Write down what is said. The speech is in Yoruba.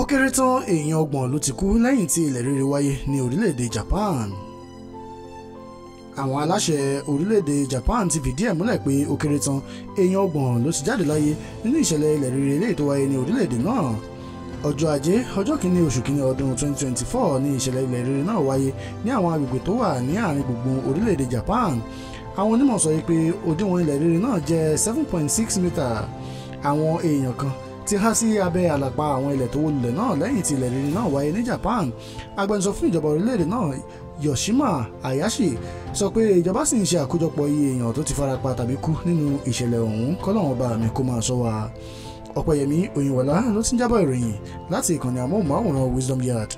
ó kéré tán èèyàn ọgbọ̀n ló ti kú lẹ́yìn tí ilẹ̀ rere wáyé ní orílẹ̀-èdè Japan àwọn aláṣẹ orílẹ̀-èdè Japan ti fìdí ẹ̀ múlẹ̀ pé ó kéré tán èèyàn ọgbọ̀n ló ti jáde láyé nínú ìṣẹ̀lẹ̀ ilẹ̀ rere eléyìí tó wáyé ní orílẹ̀-èdè náà ọjọ́ ajé ọjọ́ kìíní oṣù kìíní ọdún 2024 ní ìṣẹ̀lẹ̀ ilẹ̀ rere náà wáyé ní àwọn agbègbè tó wà ní àárín gbùngbùn orílẹ̀-èdè Japan àwọn onímọ̀ sọ pé òdiwọ̀n ilẹ̀ rere náà jẹ́ 7.6 mítà àwọn èèyàn kan ti há sí abẹ́ àlàpà àwọn ilẹ̀ tó wó lulẹ̀ náà lẹ́yìn tí ilẹ̀ rírì náà wáyé ní Japan agbẹnusọ fún ìjọba orílẹ̀-èdè náà Yoshima Ayashi sọ pé ìjọba sì ń ṣe àkójọpọ̀ iye èèyàn tó ti farapa tàbí kú nínú ìṣẹ̀lẹ̀ ọ̀hún kọ́lọ́hún ọba mi kó máa sọ wa ọ̀pẹ̀yẹmí òyìnbọ̀lá ló ti ń jábọ̀ ìròyìn láti ìkànnì àmóhùnmáwòrán Wisdom Yard